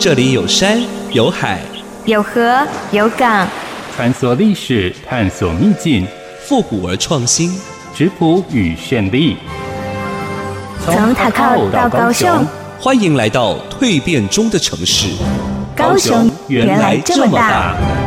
這裡有山，有海，有河，有港。探索歷史，探索秘境，復古而創新，質樸與絢麗。從打狗到高，到高雄，歡迎來到蛻變中的城市。高雄原來這麼大。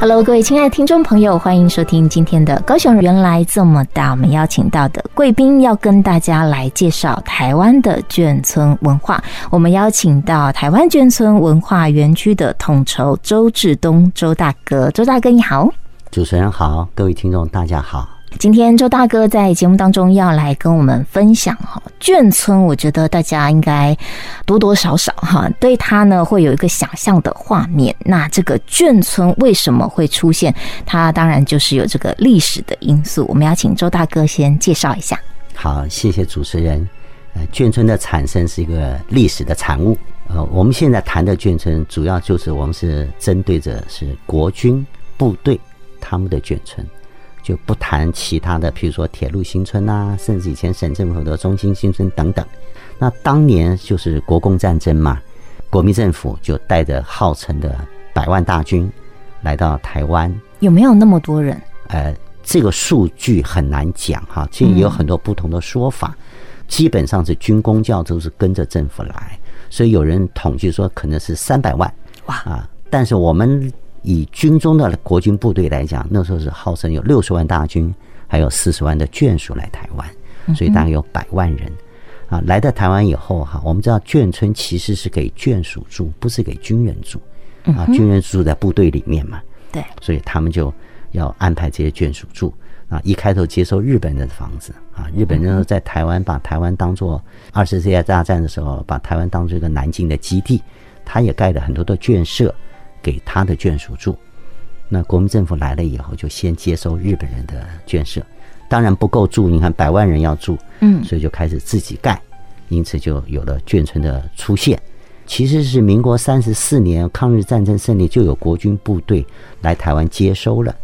Hello，各位親愛的聽眾朋友，歡迎收聽今天的《高雄原來這麼大》。我們邀請到的貴賓要跟大家來介紹台灣的眷村文化。我們邀請到台灣眷村文化園區的統籌周治東周大哥，周大哥你好，主持人好，各位聽眾大家好。今天周大哥在節目當中要來跟我們分享哈，眷村。我覺得大家應該多多少少哈，對他呢會有一個想象的畫面。那這個眷村為什麼會出現？它當然就是有這個歷史的因素。我們要請周大哥先介紹一下。好，謝謝主持人。呃，眷村的產生是一個歷史的產物。呃，我們現在談的眷村，主要就是我們是針對着是國軍部隊他們的眷村。就不談其他的，比如說鐵路新村啊，甚至以前省政府的中心新村等等。那當年就是國共戰爭嘛，國民政府就帶着號稱的百萬大軍來到台灣，有沒有那麼多人？呃，這個數據很難講哈，其實也有很多不同的說法，嗯。基本上是軍公教都是跟着政府來，所以有人統計說可能是三百萬哇啊，但是我們。以軍中的國軍部隊來講，那時候是號稱有六十萬大軍，還有四十萬的眷屬來台灣，所以大概有百萬人啊。來到台灣以後哈、啊，我們知道眷村其實是給眷屬住，不是給軍人住啊。軍人住在部隊裡面嘛，對，所以他們就要安排這些眷屬住啊。一開頭接收日本人的房子啊，日本人在台灣把台灣當做二次世界大戰的時候，把台灣當做一個南京的基地，他也蓋了很多的眷舍。給他的眷屬住，那國民政府來了以後，就先接收日本人的眷舍，當然不夠住。你看，百萬人要住，嗯，所以就開始自己蓋，因此就有了眷村的出現。其實是民國三十四年抗日戰爭勝利，就有國軍部隊來台灣接收了，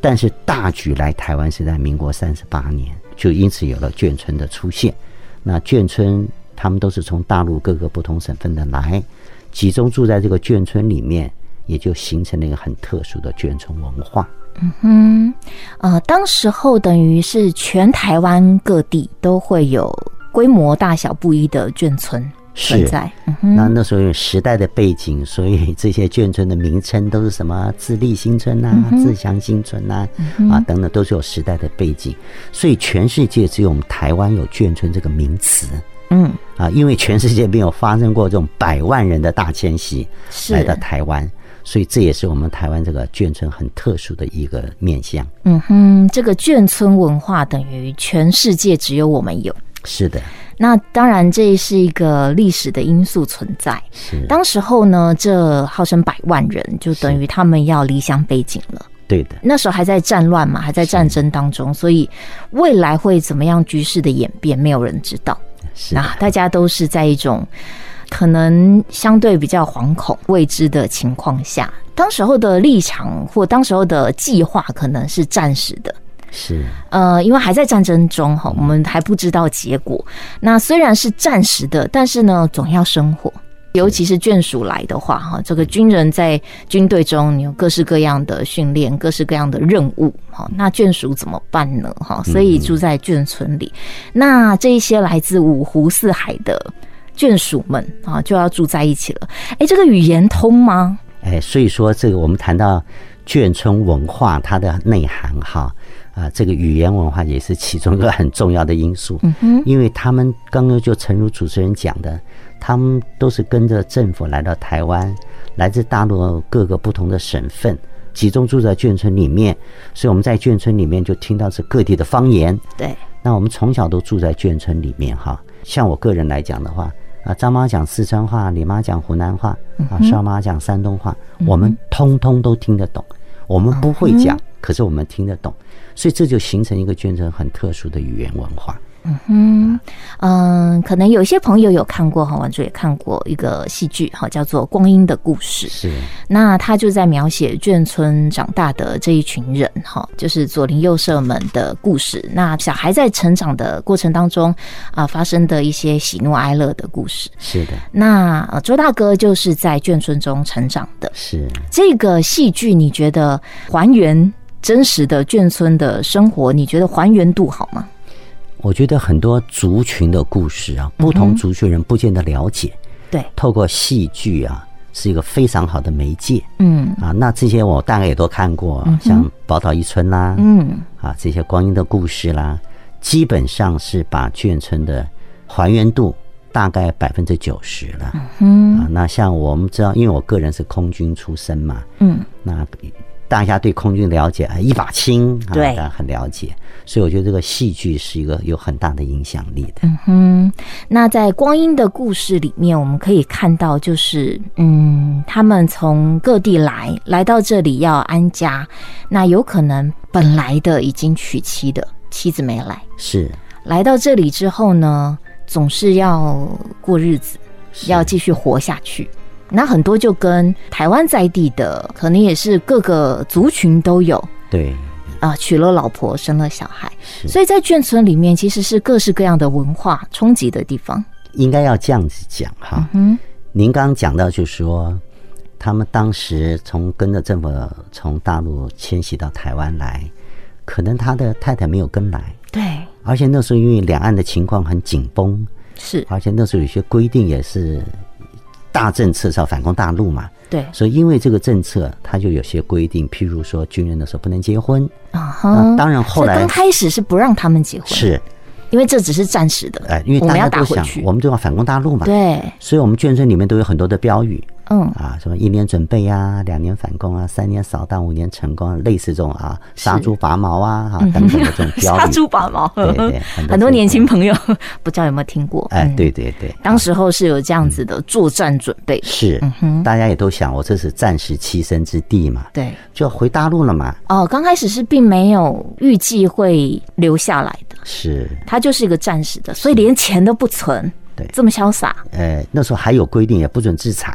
但是大舉來台灣是在民國三十八年，就因此有了眷村的出現。那眷村，他們都是從大陸各個不同省份的來，集中住在這個眷村裡面。也就形成了一個很特殊的眷村文化。嗯哼，呃，當時候等於是全台灣各地都會有規模大小不一的眷村存在。那、嗯、那時候有時代的背景，所以這些眷村的名稱都是什麼自立新村吶、啊嗯、自強新村吶啊、嗯、啊等等，都是有時代的背景。所以全世界只有我們台灣有眷村這個名詞。嗯啊，因為全世界沒有發生過這種百萬人的大遷徙來到台灣。所以這也是我們台灣這個眷村很特殊的一個面向。嗯哼，這個眷村文化等於全世界只有我們有。是的。那當然這是一個歷史的因素存在。是。當時候呢，這號稱百萬人，就等於他們要離鄉背井了。對的。那時候還在戰亂嘛，還在戰爭當中，所以未來會怎麼樣局勢的演變，沒有人知道。是的。啊，大家都是在一種。可能相對比較惶恐、未知的情況下，當時候的立場或當時候的計劃可能是暫時的。是，呃，因為還在戰爭中哈，我們還不知道結果。那雖然是暫時的，但是呢，總要生活。尤其是眷屬來的話哈，這個軍人在軍隊中，你有各式各樣的訓練、各式各樣的任務哈。那眷屬怎麼辦呢哈？所以住在眷村裡。那這一些來自五湖四海的。眷屬們啊，就要住在一起了。誒，這個語言通嗎？誒，所以說這個我們談到眷村文化，它的內涵哈啊，這個語言文化也是其中一個很重要的因素。嗯哼，因為他們剛剛就誠如主持人講的，他們都是跟着政府來到台灣，來自大陸各個不同的省份，集中住在眷村裡面，所以我們在眷村裡面就聽到是各地的方言。對，那我們從小都住在眷村裡面哈，像我個人來講的話。啊，張媽講四川話，李媽講湖南話，嗯、啊，邵媽講山東話，嗯，我們通通都聽得懂。嗯，我們不會講，可是我們聽得懂，嗯，所以這就形成一個眷村很特殊的語言文化。嗯哼，嗯，可能有些朋友有看過哈，觀眾也看過一個戲劇哈，叫做《光陰的故事》。是，那他就在描寫眷村長大的這一群人哈，就是左鄰右舍們的故事。那小孩在成長的過程當中啊，發生的一些喜怒哀樂的故事。是的，那周大哥就是在眷村中成長的。是，這個戲劇你覺得還原真實的眷村的生活？你覺得還原度好嗎？我覺得很多族群的故事啊，不同族群人不見得了解。對，嗯，透過戲劇啊，是一個非常好的媒介。嗯啊，那這些我大概也都看過，像《寶島一村》啦，嗯啊，這些光陰的故事啦，基本上是把眷村的還原度大概百分之九十了。嗯哼啊，那像我們知道，因為我個人是空軍出身嘛，嗯，那。大家對空軍了解啊，一把青，對，但很了解，所以我覺得這個戲劇是一個有很大的影響力的。嗯哼，那在《光陰的故事》裡面，我們可以看到，就是嗯，他們從各地來，來到這裡要安家，那有可能本來的已經娶妻的妻子沒來，是來到這裡之後呢，總是要過日子，要繼續活下去。那很多就跟台灣在地的，可能也是各個族群都有。對，啊，娶了老婆，生了小孩，所以在眷村裡面其實是各式各樣的文化衝擊的地方。應該要這樣子講哈。嗯，您剛剛講到，就是，就說他們當時從跟着政府從大陸遷徙到台灣來，可能他的太太沒有跟來。對。而且那時候因為兩岸的情況很緊繃，是。而且那時候有些規定也是。大政策是要反攻大陸嘛？對，所以因為這個政策，他就有些規定，譬如說軍人的時候不能結婚啊。Uh -huh, 然當然後來剛開始是不讓他們結婚，是因為這只是暫時的。哎，因為大家都想，我們，要我們都要反攻大陸嘛。對，所以我們眷村裡面都有很多的標語。嗯啊，什麼一年準備呀、啊，兩年反攻啊，三年掃蕩，五年成功，啊，類似這種啊，殺豬拔毛啊，哈、啊、等等的這種標語，嗯、殺豬拔毛，啊、對，對，很多年輕朋友、嗯、不知道有沒有聽過？哎、啊，對對對，嗯，當時候是有這樣子的作戰準備，嗯、是、嗯，大家也都想，我這是暫時棲身之地嘛，嗯、對，就要回大陸了嘛。哦，剛開始是並沒有預計會留下來的，是他就是一個暫時的，所以連錢都不存，對，這麼瀟灑。哎、呃，那時候還有規定，也不准自殘。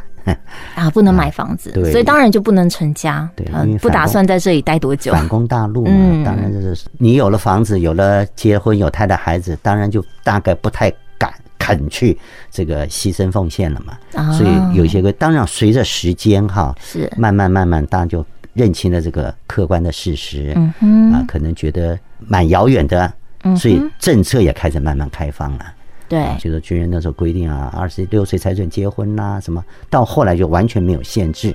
啊，不能買房子、啊對，所以當然就不能成家，對，不打算在這裡待多久、啊。反攻大陸嘛，當然就是你有了房子，有了結婚，有他的孩子，當然就大概不太敢肯去這個犧牲奉獻了嘛、啊。所以有些個，當然隨着時間哈，是慢慢慢慢，當然就認清了這個客觀的事實。嗯啊，可能覺得蠻遙遠的，所以政策也開始慢慢開放了。對，就是軍人那時候規定啊，二十六歲才准結婚啦、啊，什麼，到後來就完全沒有限制，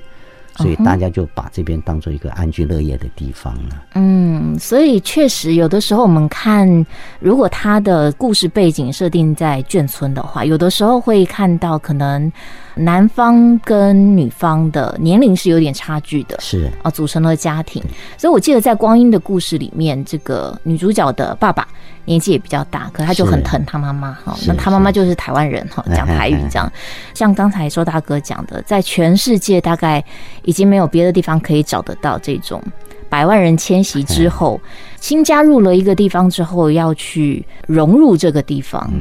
所以大家就把這邊當做一個安居樂業的地方了。嗯，所以確實有的時候我們看，如果他的故事背景設定在眷村的話，有的時候會看到可能。男方跟女方的年齡是有點差距的，是啊，組成了家庭。所以我記得在《光陰的故事》裡面，這個女主角的爸爸年紀也比較大，可他就很疼他媽媽。哈，那他媽媽就是台灣人，哈，講台語這樣。像剛才周大哥講的，在全世界大概已經沒有別的地方可以找得到這種。百萬人遷徙之後，新加入了一個地方之後，要去融入這個地方。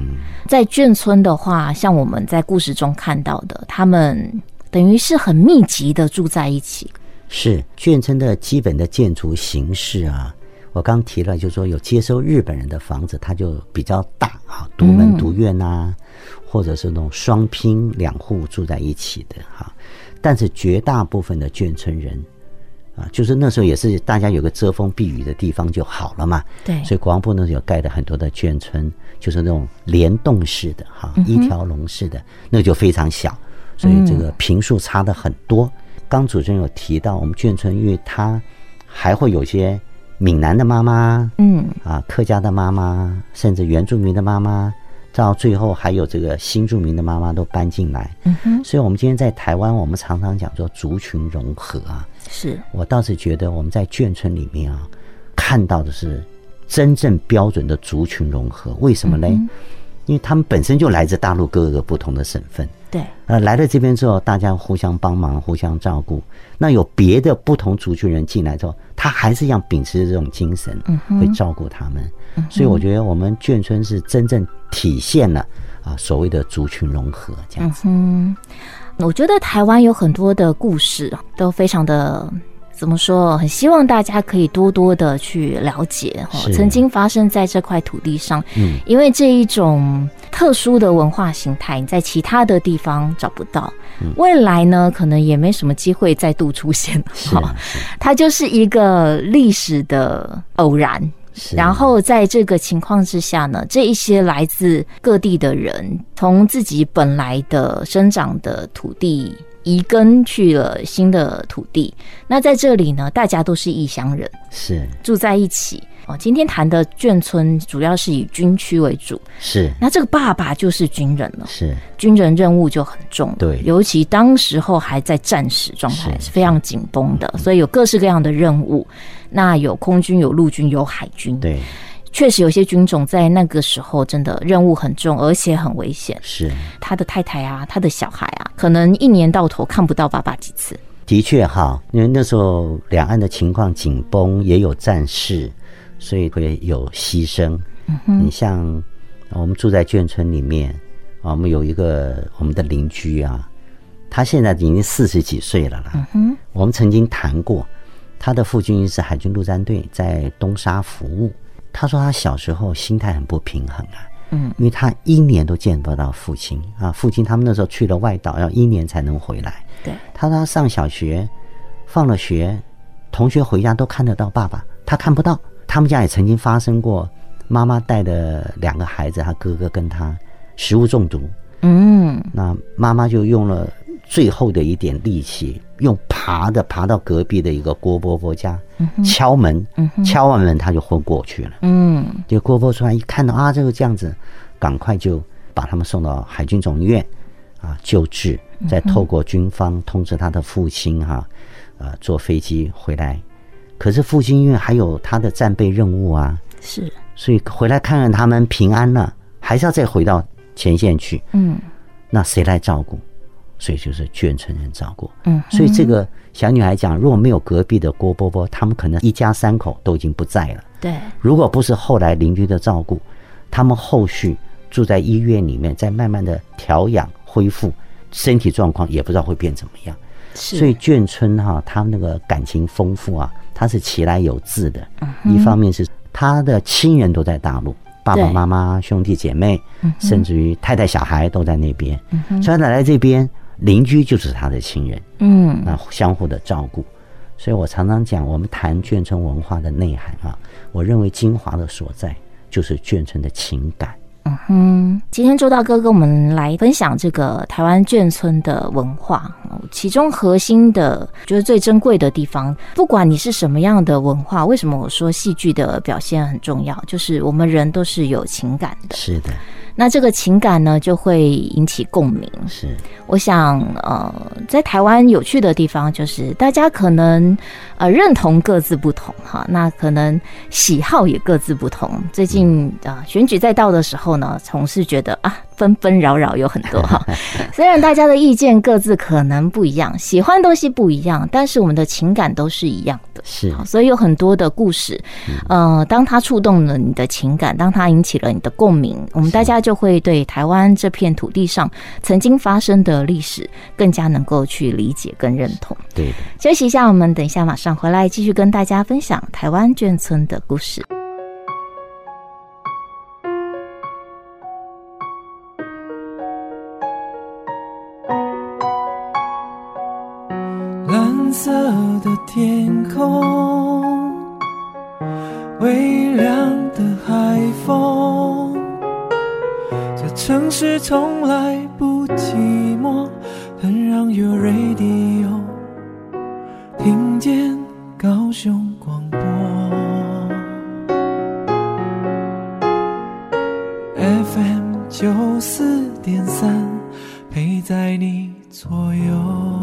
在眷村的話，像我們在故事中看到的，他們等於是很密集的住在一起。是眷村的基本的建築形式啊，我剛提了，就是說有接收日本人的房子，它就比較大啊，獨門獨院吶，或者是那種雙拼兩戶住在一起的哈。但是絕大部分的眷村人。啊，就是那時候也是大家有個遮風避雨的地方就好了嘛。對，所以國防部那時候有蓋的很多的眷村，就是那種聯棟式的哈，一條龍式的，那就非常小，所以這個坪數差的很多。剛主持人有提到，我們眷村因為它還會有些閩南的媽媽，嗯，啊，客家的媽媽，甚至原住民的媽媽，到最後還有這個新住民的媽媽都搬進來。嗯，所以我們今天在台灣，我們常常講說族群融合啊。是我倒是覺得我們在眷村裡面啊，看到的是真正標準的族群融合。為什麼呢？嗯、因為他們本身就來自大陸各個，各個不同的省份。對，呃，來到這邊之後，大家互相幫忙，互相照顧。那有別的不同族群人進來之後，他還是要秉持這種精神，嗯、會照顧他們、嗯。所以我覺得我們眷村是真正體現了啊、呃、所謂的族群融合這樣子。嗯我覺得台灣有很多的故事，都非常的怎麼說？很希望大家可以多多的去了解，曾經發生在這塊土地上，嗯。因為這一種特殊的文化形態，你在其他的地方找不到。嗯、未來呢，可能也沒什麼機會再度出現。哦、它就是一個歷史的偶然。然後在這個情況之下呢，這一些來自各地的人，從自己本來的生長的土地移根去了新的土地。那在這裡呢，大家都是異鄉人，是住在一起。哦，今天談的眷村主要是以軍區為主，是。那這個爸爸就是軍人了，是。軍人任務就很重了，對。尤其當時候還在戰時狀態，是非常緊繃的，是是，所以有各式各樣的任務。那有空軍，有陸軍，有海軍。對，確實有些軍種在那個時候真的任務很重，而且很危險。是，他的太太啊，他的小孩啊，可能一年到頭看不到爸爸幾次。的確哈，因為那時候兩岸的情況緊繃，也有戰事，所以會有犧牲。嗯哼，你像我們住在眷村裡面，我們有一個我們的鄰居啊，他現在已經四十幾歲了啦。嗯哼，我們曾經談過。他的父親是海軍陸戰隊，在東沙服務。他說他小時候心態很不平衡啊，嗯，因為他一年都見不到父親啊。父親他們那時候去了外島，要一年才能回來。對，他說他上小學，放了學，同學回家都看得到爸爸，他看不到。他們家也曾經發生過，媽媽帶的兩個孩子，他哥哥跟他食物中毒。嗯，那媽媽就用了最後的一點力氣。用爬的爬到隔壁的一個郭伯伯家，敲門，敲完門他就昏過去了。嗯，就郭伯出來一看到啊，這個這樣子，趕快就把他們送到海軍總醫院，啊，救治。再透過軍方通知他的父親哈、啊，呃，坐飛機回來。可是父親因為還有他的戰備任務啊，是，所以回來看看他們平安了，還是要再回到前線去。嗯，那誰來照顧？所以就是眷村人照顧，嗯，所以這個小女孩講，如果沒有隔壁的郭伯伯，他們可能一家三口都已經不在了。對，如果不是後來鄰居的照顧，他們後續住在醫院裡面，再慢慢的調養恢復身體狀況，也不知道會變怎麼樣。所以眷村哈、啊，他們那個感情豐富啊，他是其來有自的。嗯，一方面是他的親人都在大陸，爸爸媽媽、兄弟姐妹，嗯、甚至於太太、小孩都在那邊，雖然來這邊。鄰居就是他的親人，嗯，那相互的照顧，所以我常常講，我們談眷村文化的內涵啊，我認為精華的所在就是眷村的情感。嗯哼，今天周大哥跟我們來分享這個台灣眷村的文化，其中核心的，就是最珍貴的地方。不管你是什麼樣的文化，為什麼我說戲劇的表現很重要？就是我們人都是有情感的。是的。那這個情感呢，就會引起共鳴。是，我想，呃，在台灣有趣的地方就是，大家可能呃認同各自不同哈，那可能喜好也各自不同。最近啊、呃，選舉在到的時候呢，總是覺得啊，紛紛擾擾有很多哈。 雖然大家的意見各自可能不一樣，喜歡東西不一樣，但是我們的情感都是一樣。是，所以有很多的故事，呃，當它觸動了你的情感，當它引起了你的共鳴，我們大家就會對台灣這片土地上曾經發生的歷史更加能夠去理解跟認同。對，休息一下，我們等一下馬上回來繼續跟大家分享台灣眷村的故事。色的天空，微涼的海風，這城市從來不寂寞。很讓有 your a d i o 聽見高雄廣播，FM 九四點三，陪在你左右。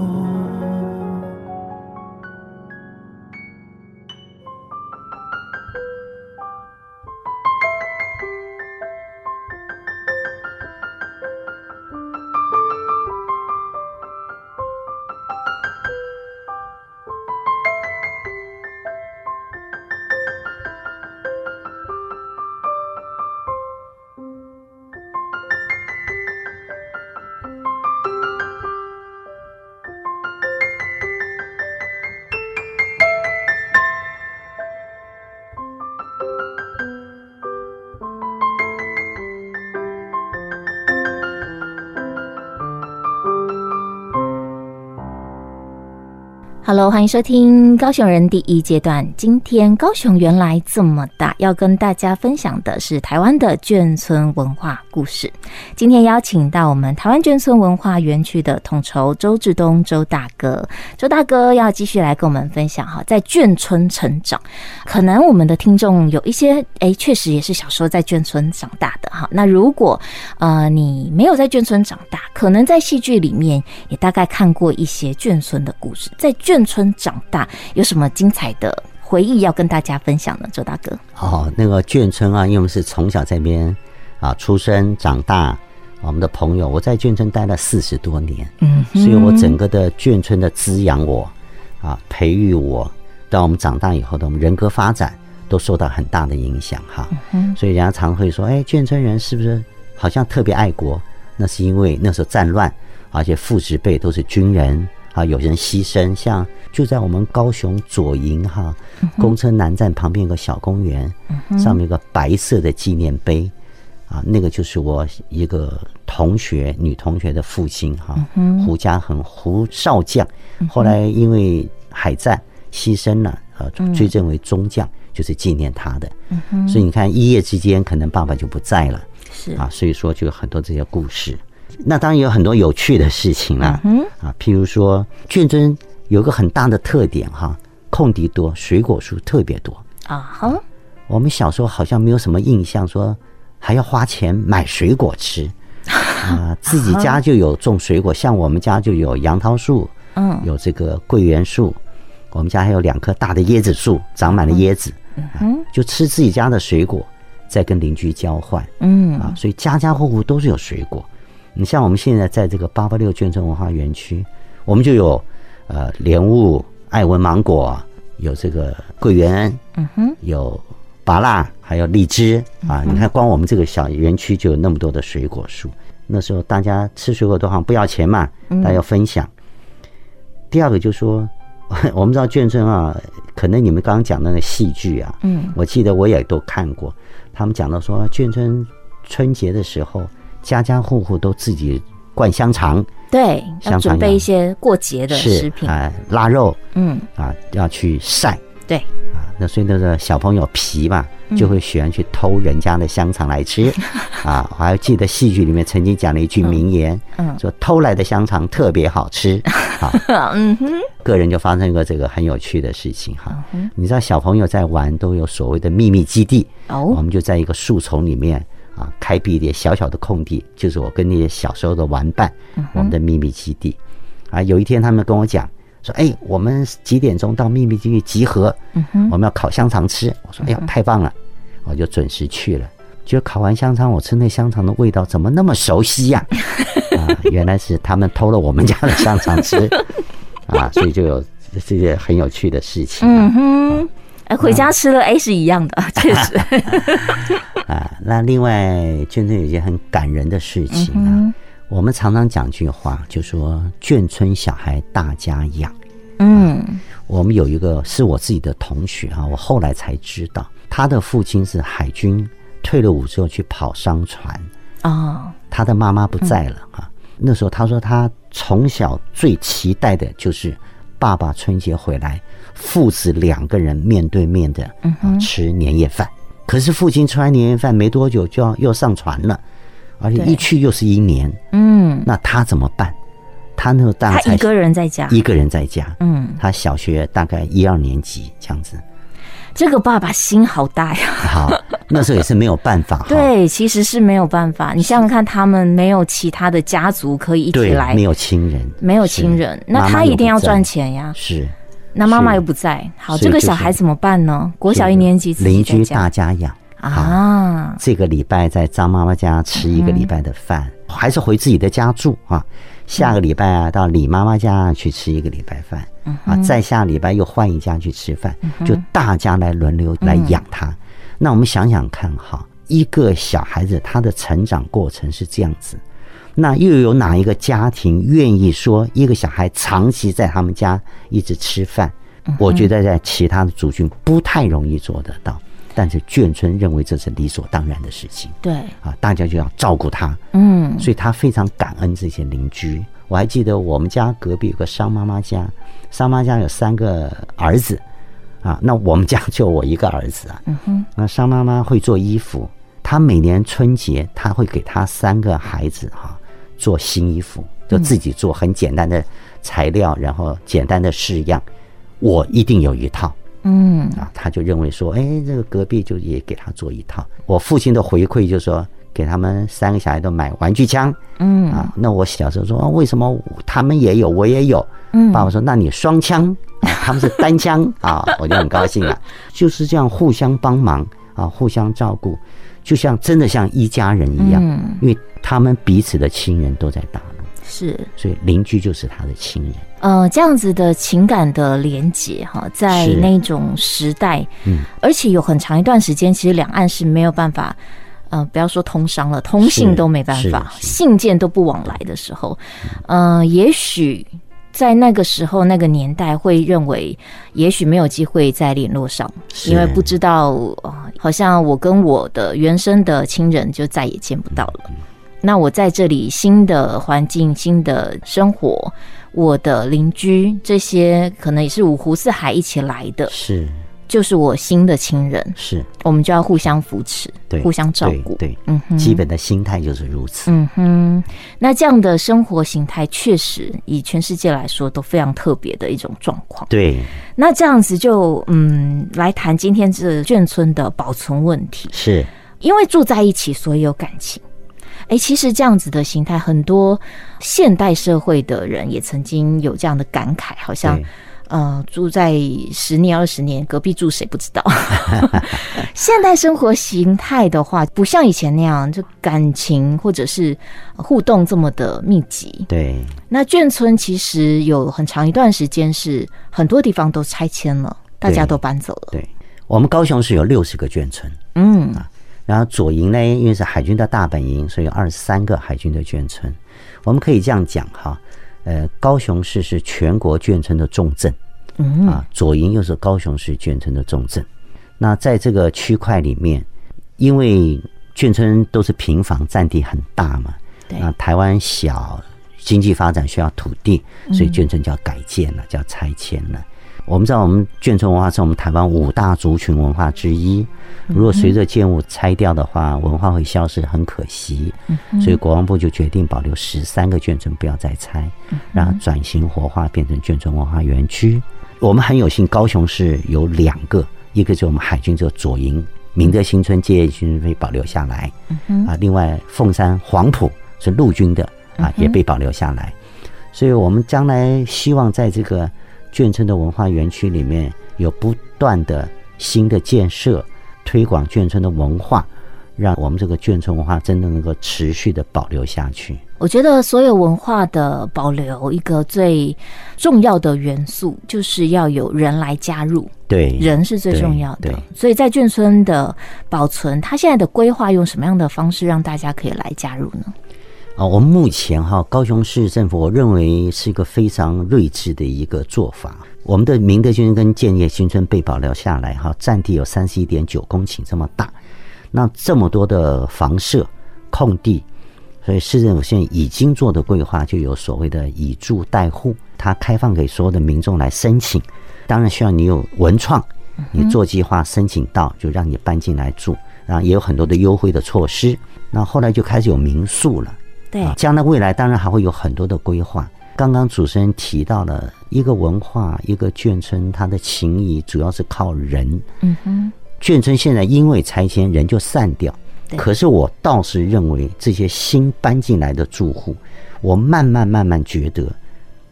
Hello，歡迎收聽高雄人第一階段。今天高雄原來這麼大，要跟大家分享的是台灣的眷村文化。故事，今天邀請到我們台灣眷村文化園區的統籌周治東周大哥，周大哥要繼續來跟我們分享哈，在眷村成長，可能我們的聽眾有一些誒，確實也是小時候在眷村長大的哈。那如果呃你沒有在眷村長大，可能在戲劇裡面也大概看過一些眷村的故事。在眷村長大有什麼精彩的回憶要跟大家分享呢？周大哥，哦，那個眷村啊，因為我們是從小在邊。啊，出生長大、啊，我們的朋友，我在眷村待了四十多年，嗯，所以我整個的眷村的滋養我，啊，培育我，到我們長大以後的我們人格發展都受到很大的影響哈、啊嗯。所以人家常會說，哎，眷村人是不是好像特別愛國？那是因為那時候戰亂，啊、而且父執輩都是軍人啊，有人犧牲。像就在我們高雄左營哈、啊，公車南站旁邊有個小公園，嗯、上面有個白色的紀念碑。啊，那個就是我一個同學，女同學的父親哈、啊，胡家恆胡少將，後來因為海戰犧牲了，啊，追認為中將，就是紀念他的。嗯，所以你看，一夜之間可能爸爸就不在了，是啊，所以說就有很多這些故事。那當然有很多有趣的事情啦，嗯啊，譬如說，眷村有個很大的特點哈、啊，空地多，水果樹特別多、uh -huh. 啊。哈，我們小時候好像沒有什麼印象說。還要花錢買水果吃，啊，自己家就有種水果，像我們家就有楊桃樹，嗯，有這個桂圓樹，我們家還有兩棵大的椰子樹，長滿了椰子，嗯，就吃自己家的水果，再跟鄰居交換，嗯，啊，所以家家戶戶都是有水果。你像我們現在在這個八八六眷村文化園區，我們就有，呃，蓮霧、愛文芒果，有這個桂圓，嗯哼，有。麻辣，還有荔枝啊！你看，光我們這個小園區就有那麼多的水果樹。那時候大家吃水果都好像不要錢嘛，大家要分享。第二個就是說，我們知道眷村啊，可能你們剛剛講的那個戲劇啊，嗯，我記得我也都看過。他們講到說，眷村春節的時候，家家戶戶都自己灌香腸，對，要準備一些過節的食品啊，臘肉，嗯，啊，要去曬，對。所以那個小朋友皮嘛，就會喜歡去偷人家的香腸來吃啊！我還記得戲劇裡面曾經講了一句名言，說偷來的香腸特別好吃。啊，嗯哼，個人就發生一個這個很有趣的事情哈、啊。你知道小朋友在玩都有所謂的秘密基地，我們就在一個樹叢裡面啊開闢一點小小的空地，就是我跟那些小時候的玩伴，我們的秘密基地啊。有一天他們跟我講。說哎、欸，我們幾點鐘到秘密基地集合？我們要烤香腸吃。我說哎呀，太棒了！我就準時去了。就烤完香腸，我吃那香腸的味道怎麼那麼熟悉呀、啊？ 啊，原來是他們偷了我們家的香腸吃啊，所以就有這些很有趣的事情。嗯哼，哎、啊，回家吃了哎是一樣的，確實。 啊，那另外娟娟、就是，有一件很感人的事情啊。嗯我們常常講句話，就說“眷村小孩大家養”嗯。嗯、啊，我們有一個是我自己的同學啊，我後來才知道，他的父親是海軍，退了伍之後去跑商船啊、哦。他的媽媽不在了，嗯、啊，那時候他說他從小最期待的就是爸爸春節回來，父子兩個人面對面的、啊、吃年夜飯。嗯、可是父親吃完年夜飯沒多久就要又上船了。而且一去又是一年，嗯，那他怎麼辦？他那麼大他一個人在家，一個人在家，嗯，他小學大概一二年級這樣子。這個爸爸心好大呀！好，那時候也是沒有辦法。 對，其實是沒有辦法。你想想看，他們沒有其他的家族可以一起來，沒有親人，沒有親人，那他一定要賺錢呀。是，那媽媽又不在，媽媽不在好、就是，這個小孩怎麼辦呢？國小一年級，鄰居大家養。啊，這個禮拜在張媽媽家吃一個禮拜的飯，嗯，還是回自己的家住啊？下個禮拜啊，到李媽媽家去吃一個禮拜飯啊？再下個禮拜又換一家去吃飯，就大家來輪流來養他。嗯，那我們想想看哈，一個小孩子他的成長過程是這樣子，那又有哪一個家庭願意說一個小孩長期在他們家一直吃飯？我覺得在其他的族群不太容易做得到。但是眷村認為這是理所當然的事情。對、嗯、啊，大家就要照顧他。嗯，所以他非常感恩這些鄰居。我還記得我們家隔壁有個商媽媽家，商媽媽家有三個兒子啊。那我們家就我一個兒子啊。嗯哼，那商媽媽會做衣服，她每年春節她會給她三個孩子哈、啊、做新衣服，就自己做很簡單的材料，然後簡單的式樣。我一定有一套。嗯啊，他就認為說，哎、欸，這個隔壁就也給他做一套。我父親的回饋就是說，給他們三個小孩都買玩具槍。嗯啊，那我小時候說、哦，為什麼他們也有，我也有？嗯，爸爸說，那你雙槍、啊，他們是單槍 啊，我就很高興了。 就是這樣互相幫忙啊，互相照顧，就像真的像一家人一樣。嗯，因為他們彼此的親人都在大陸。是。所以鄰居就是他的親人。嗯、呃，這樣子的情感的連接哈，在那種時代，而且有很長一段時間，其實兩岸是沒有辦法，呃，不要說通商了，通信都沒辦法，信件都不往來的時候，嗯，也許在那個時候、那個年代會認為，也許沒有機會再聯絡上，因為不知道，好像我跟我的原生的親人就再也見不到了。那我在這裡新的環境、新的生活。我的鄰居，這些可能也是五湖四海一起來的，是，就是我新的親人，是，我們就要互相扶持，對，互相照顧，對，嗯哼，基本的心態就是如此，嗯哼。那這樣的生活形態，確實以全世界來說都非常特別的一種狀況，對。那這樣子就嗯，來談今天這眷村的保存問題，是因為住在一起，所以有感情。哎、欸，其實這樣子的形態，很多現代社會的人也曾經有這樣的感慨，好像，呃，住在十年二十年，隔壁住誰不知道。 現代生活形態的話，不像以前那樣，就感情或者是互動這麼的密集。對，那眷村其實有很長一段時間是很多地方都拆遷了，大家都搬走了。對，我們高雄市有六十個眷村，嗯。然後左營呢，因為是海軍的大本營，所以有二十三個海軍的眷村，我們可以這樣講哈，呃，高雄市是全國眷村的重鎮，嗯啊，左營又是高雄市眷村的重鎮，那在這個區塊裡面，因為眷村都是平房，佔地很大嘛，對啊，台灣小，經濟發展需要土地，所以眷村叫改建了，叫拆遷了。我們知道，我們眷村文化是我們台灣五大族群文化之一。如果隨着建物拆掉的話，文化會消失，很可惜。所以，國防部就決定保留十三個眷村，不要再拆，然後轉型活化，變成眷村文化園區。我們很有幸，高雄市有兩個，一個是我們海軍這個左營、明德新村、建業新村被保留下來，啊，另外鳳山黃埔是陸軍的，啊，也被保留下來。所以我們將來希望在這個。眷村的文化園區裡面有不斷的新的建設，推廣眷村的文化，讓我們這個眷村文化真的能夠持續的保留下去。我覺得所有文化的保留，一個最重要的元素就是要有人來加入，對，人是最重要的。對，所以在眷村的保存，它現在的規劃用什麼樣的方式讓大家可以來加入呢？啊，我們目前哈，高雄市政府我認為是一個非常睿智的一個做法。我們的明德新村跟建業新村被保留下來哈，佔地有三十一點九公頃這麼大，那這麼多的房舍、空地，所以市政府現在已經做的規劃就有所謂的以住代護，它開放給所有的民眾來申請，當然需要你有文創，你做計劃申請到就讓你搬進來住，然後也有很多的優惠的措施。那後來就開始有民宿了。對，將來未來當然還會有很多的規劃。剛剛主持人提到了一個文化，一個眷村，它的情誼主要是靠人。嗯哼，眷村現在因為拆遷，人就散掉。可是我倒是認為這些新搬進來的住戶，我慢慢慢慢覺得，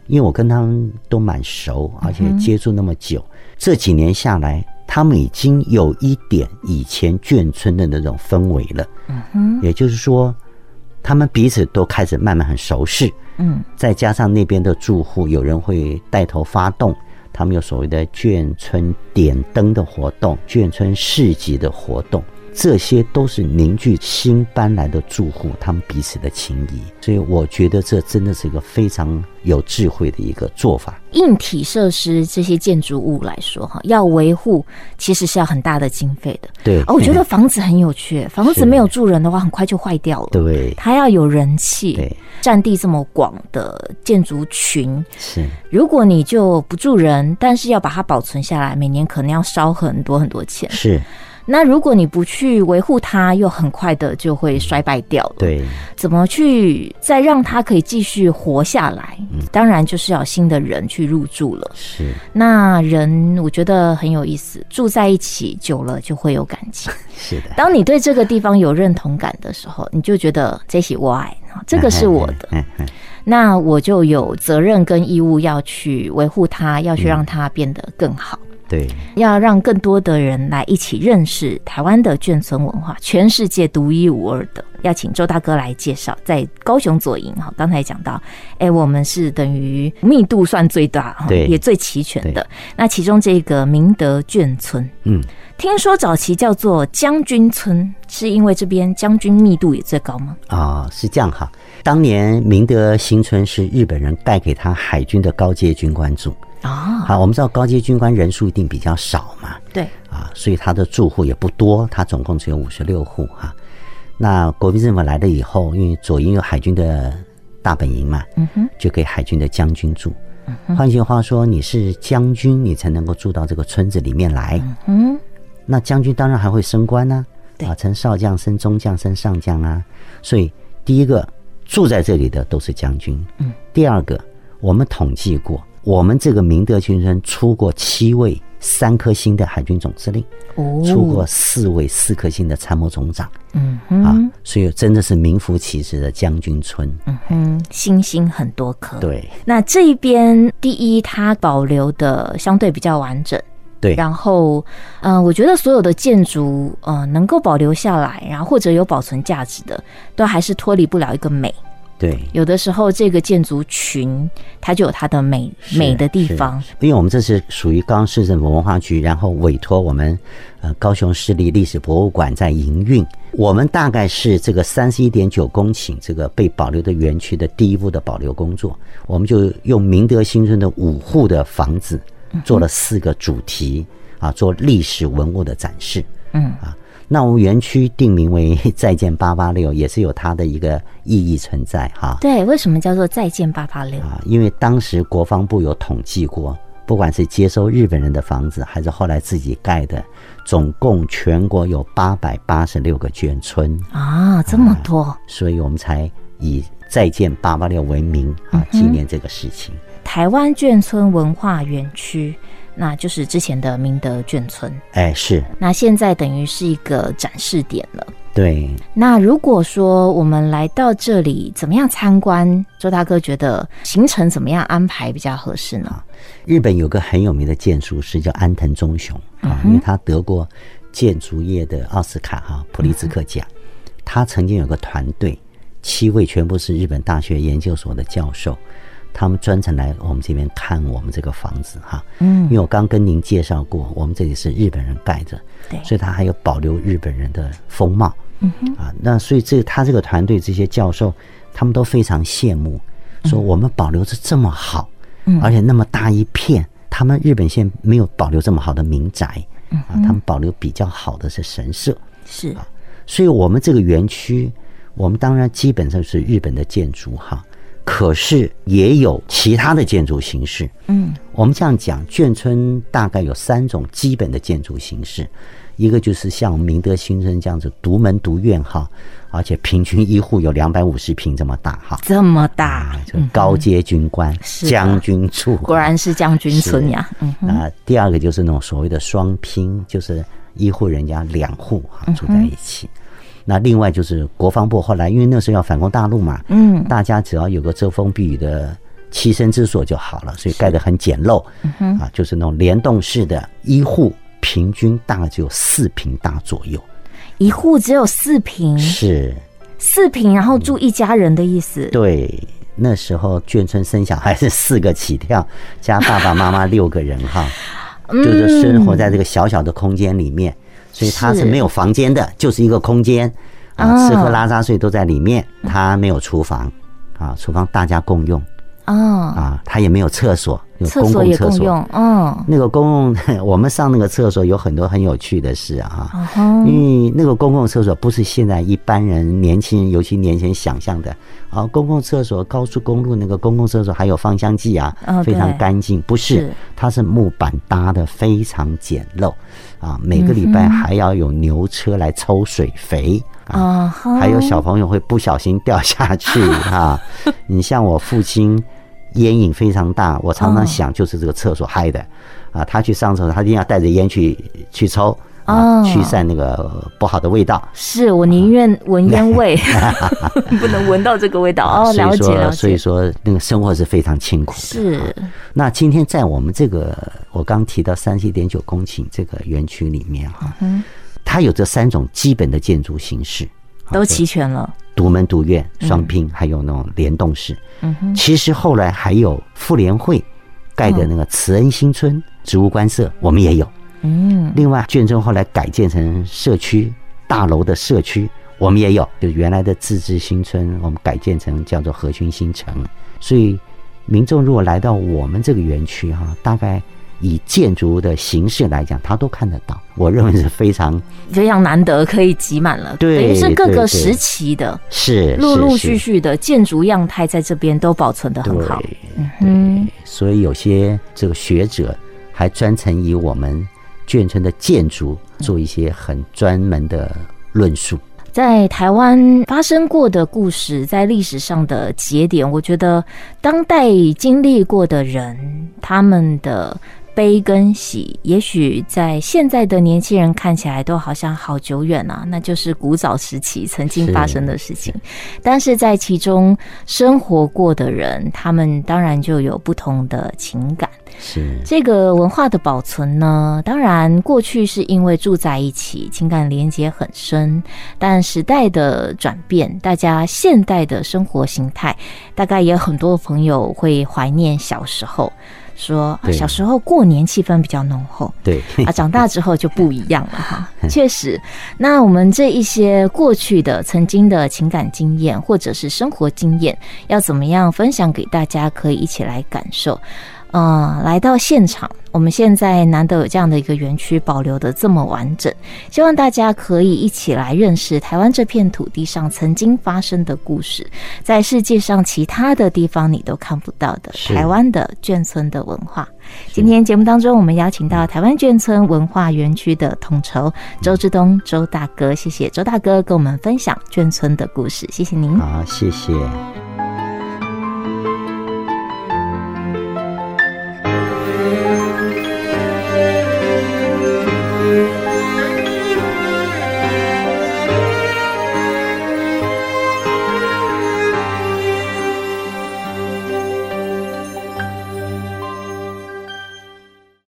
因為我跟他們都蠻熟，而且接觸那麼久，嗯，這幾年下來，他們已經有一點以前眷村的那種氛圍了。嗯哼，也就是說。他們彼此都開始慢慢很熟識，嗯，再加上那邊的住戶，有人會帶頭發動，他們有所謂的眷村點燈的活動，眷村市集的活動。這些都是凝聚新搬來的住戶，他們彼此的情誼，所以我覺得這真的是一個非常有智慧的一個做法。硬體設施這些建築物來說，哈，要維護其實是要很大的經費的。對，哦，我覺得房子很有趣，嗯、房子沒有住人的話，很快就壞掉了。對，它要有人氣。對，佔地這麼廣的建築群，是，如果你就不住人，但是要把它保存下來，每年可能要燒很多很多錢。是。那如果你不去維護它，又很快的就會衰敗掉了。對，怎麼去再讓它可以繼續活下來？當然就是要新的人去入住了。是，那人我覺得很有意思，住在一起久了就會有感情。是的，當你對這個地方有認同感的時候，你就覺得這是我的，這個是我的，那我就有責任跟義務要去維護它，要去讓它變得更好。對，要讓更多的人來一起認識台灣的眷村文化，全世界獨一無二的。要請周大哥來介紹，在高雄左營哈，剛才講到，誒、欸，我們是等於密度算最大，哈，也最齊全的。那其中這個明德眷村，嗯，聽說早期叫做將軍村，是因為這邊將軍密度也最高嗎？啊、哦，是這樣哈，當年明德新村是日本人帶給他海軍的高階軍官住。啊、oh.，好，我們知道高階軍官人數一定比較少嘛，對，啊，所以他的住戶也不多，他總共只有五十六戶哈、啊。那國民政府來了以後，因為左營有海軍的大本營嘛，嗯哼，就給海軍的將軍住。Uh -huh. 換句話說，你是將軍，你才能夠住到這個村子裡面來。嗯、uh -huh.，那將軍當然還會升官呢、啊，對、uh -huh. 啊，從少將升中將，升上將啊。所以第一個住在這裡的都是將軍。嗯、uh -huh.，第二個我們統計過。我們這個明德新村出過七位三顆星的海軍總司令，哦、出過四位四顆星的參謀總長，嗯哼，啊，所以真的是名副其實的將軍村。嗯哼，星星很多顆。對，那這一邊第一，它保留的相對比較完整。對，然後，嗯、呃，我覺得所有的建築，呃，能夠保留下來，然後或者有保存價值的，都還是脫離不了一個美。對，有的時候這個建築群它就有它的美，美的地方。因為我們這是屬於高市政府文化局，然後委託我們呃，高雄市立歷史博物館在營運。我們大概是這個三十一點九公頃這個被保留的園區的第一步的保留工作，我們就用明德新村的五戶的房子做了四個主題啊，做歷史文物的展示。嗯啊。那我們園區定名為“再見八八六”，也是有它的一個意義存在哈、啊。對，為什麼叫做“再見八八六”啊？因為當時國防部有統計過，不管是接收日本人的房子，還是後來自己蓋的，總共全國有八百八十六個眷村啊，這麼多、啊。所以我們才以“再見八八六”為名啊，紀念這個事情。嗯、臺灣眷村文化園區。那就是之前的明德眷村。哎、欸，是。那現在等於是一個展示點了。對。那如果說我們來到這裡，怎麼樣參觀？周大哥覺得行程怎麼樣安排比較合適呢？日本有個很有名的建築師叫安藤忠雄啊、嗯，因為他得過建築業的奧斯卡哈普利茲克獎、嗯。他曾經有個團隊，七位全部是日本大學研究所的教授。他們專程來我們這邊看我們這個房子哈，嗯，因為我剛跟您介紹過，我們這裡是日本人蓋的，對，所以他還有保留日本人的風貌，嗯啊，那所以這他這個團隊這些教授他們都非常羨慕，說我們保留着這麼好，嗯，而且那麼大一片，他們日本現在沒有保留這麼好的民宅，嗯，啊，他們保留比較好的是神社，是，啊，所以我們這個園區，我們當然基本上是日本的建築哈。可是也有其他的建築形式，嗯，我們這樣講，眷村大概有三種基本的建築形式，一個就是像我們明德新村這樣子獨門獨院哈，而且平均一戶有兩百五十平這麼大哈，這麼大，啊、高階軍官、嗯、是將軍住。果然是將軍村呀，啊嗯。啊，第二個就是那種所謂的雙拼，就是一戶人家兩戶哈住在一起。嗯那另外就是國防部，後來因為那時候要反攻大陸嘛，嗯，大家只要有個遮風避雨的棲身之所就好了，所以蓋得很簡陋。嗯，啊，就是那種聯動式的，一戶平均大概只有四平大左右，一戶只有四平，是四平，然後住一家人的意思。嗯。對，那時候眷村生小孩是四個起跳，加爸爸媽媽六個人哈， 就是生活在這個小小的空間裡面。所以它是沒有房間的，是，就是一個空間啊，吃、oh. 喝、呃、拉撒睡都在裡面，它沒有廚房啊，廚房大家共用、oh. 啊，啊，它也沒有廁所。有公共廁所，廁所也共用，嗯，那個公共，我們上那個廁所有很多很有趣的事啊，uh -huh. 因為那個公共廁所不是現在一般人年輕人，尤其年輕人想象的啊。公共廁所，高速公路那個公共廁所還有芳香劑啊，uh -huh. 非常乾淨，不是，是，它是木板搭的，非常簡陋，啊，每個禮拜還要有牛車來抽水肥、uh -huh. 啊，還有小朋友會不小心掉下去、uh -huh. 啊，你像我父親。 菸癮非常大，我常常想就是這個廁所害的，oh. 啊，他去上廁所，他一定要帶着菸去去抽，oh. 啊，驅散那個不好的味道。是，我寧願聞菸味， 不能聞到這個味道哦。Oh, 了解了。所以說，所以說那個生活是非常清苦。是。那今天在我們這個我剛提到三十一點九公頃這個園區裡面哈，嗯，它有這三種基本的建築形式，都齊全了。獨門獨院、雙拼，還有那種連棟式、嗯。其實後來還有婦聯會蓋的那個慈恩新村植物觀舍，我們也有。嗯，另外，眷村後來改建成社區大樓的社區，我們也有。就是原來的自治新村，我們改建成叫做和群新城。所以，民眾如果來到我們這個園區哈、啊，大概。以建築的形式來講，他都看得到。我認為是非常非常難得，可以擠滿了，對，等於是各個時期的，是陸陸續續的建築樣態，在這邊都保存得很好。對嗯哼，對，所以有些這個學者還專程以我們眷村的建築做一些很專門的論述。在台灣發生過的故事，在歷史上的節點，我覺得當代經歷過的人，他們的。悲跟喜，也許在現在的年輕人看起來都好像好久遠啊，那就是古早時期曾經發生的事情。是，但是在其中生活過的人，他們當然就有不同的情感。是這個文化的保存呢，當然，過去是因為住在一起，情感連結很深。但時代的轉變，大家現代的生活形態，大概也有很多朋友會懷念小時候，說、啊、小時候過年氣氛比較濃厚。對啊，長大之後就不一樣了哈、 啊。確實，那我們這一些過去的、曾經的情感經驗，或者是生活經驗，要怎麼樣分享給大家，可以一起來感受。嗯，來到現場，我們現在難得有這樣的一個園區保留得這麼完整，希望大家可以一起來認識台灣這片土地上曾經發生的故事，在世界上其他的地方你都看不到的台灣的眷村的文化。今天節目當中，我們邀請到台灣眷村文化園區的統籌、嗯、周治東周大哥，謝謝周大哥跟我們分享眷村的故事，謝謝您，好，謝謝。